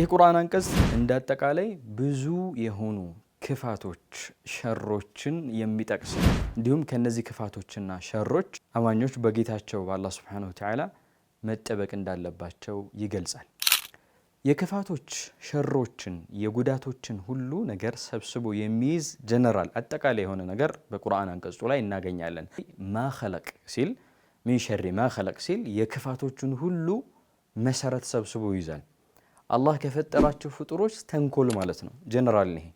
ይህ ቁርአን አንቀጽ እንደ አጠቃላይ ብዙ የሆኑ ክፋቶች፣ ሸሮችን የሚጠቅስ እንዲሁም ከነዚህ ክፋቶችና ሸሮች አማኞች በጌታቸው በአላህ ሱብሓነሁ ወተዓላ መጠበቅ እንዳለባቸው ይገልጻል። የክፋቶች ሸሮችን፣ የጉዳቶችን ሁሉ ነገር ሰብስቦ የሚይዝ ጀነራል አጠቃላይ የሆነ ነገር በቁርአን አንቀጹ ላይ እናገኛለን። ማኸለቅ ሲል ሚን ሸሪ ማኸለቅ ሲል የክፋቶችን ሁሉ መሰረት ሰብስቦ ይይዛል። አላህ ከፈጠራቸው ፍጡሮች ተንኮል ማለት ነው። ጀነራል ይሄ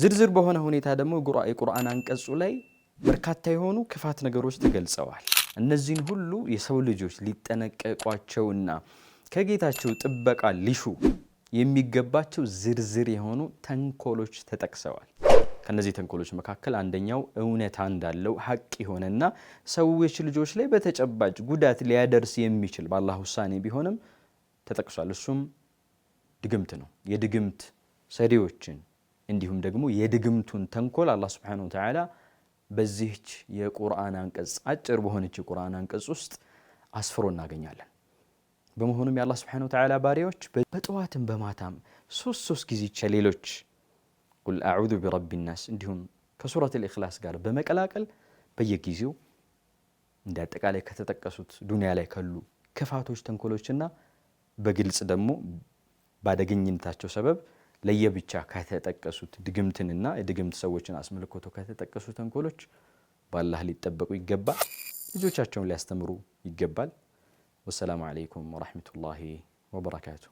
ዝርዝር በሆነ ሁኔታ ደግሞ የቁርአን አንቀጹ ላይ በርካታ የሆኑ ክፋት ነገሮች ተገልጸዋል። እነዚህን ሁሉ የሰው ልጆች ሊጠነቀቋቸውና ከጌታቸው ጥበቃ ሊሹ የሚገባቸው ዝርዝር የሆኑ ተንኮሎች ተጠቅሰዋል። ከነዚህ ተንኮሎች መካከል አንደኛው እውነታ እንዳለው ሀቅ የሆነና ሰዎች ልጆች ላይ በተጨባጭ ጉዳት ሊያደርስ የሚችል በአላህ ውሳኔ ቢሆንም ተጠቅሷል እሱም ድግምት ነው። የድግምት ሰሪዎችን እንዲሁም ደግሞ የድግምቱን ተንኮል አላህ ሱብሓነሁ ወተዓላ በዚህች የቁርአን አንቀጽ አጭር በሆነች የቁርአን አንቀጽ ውስጥ አስፍሮ እናገኛለን። በመሆኑም የአላህ ሱብሓነሁ ወተዓላ ባሪያዎች በጠዋትም በማታም ሶስት ሶስት ጊዜ ቸሌሎች ቁል አዑዙ ቢረቢ ናስ እንዲሁም ከሱረት ልእክላስ ጋር በመቀላቀል በየጊዜው እንደ አጠቃላይ ከተጠቀሱት ዱንያ ላይ ካሉ ክፋቶች፣ ተንኮሎችና በግልጽ ደግሞ በአደገኝነታቸው ሰበብ ለየብቻ ከተጠቀሱት ድግምትንና የድግምት ሰዎችን አስመልክቶ ከተጠቀሱ ተንኮሎች በአላህ ሊጠበቁ ይገባል። ልጆቻቸውን ሊያስተምሩ ይገባል። ወሰላሙ አለይኩም ወራህመቱላሂ ወበረካቱ።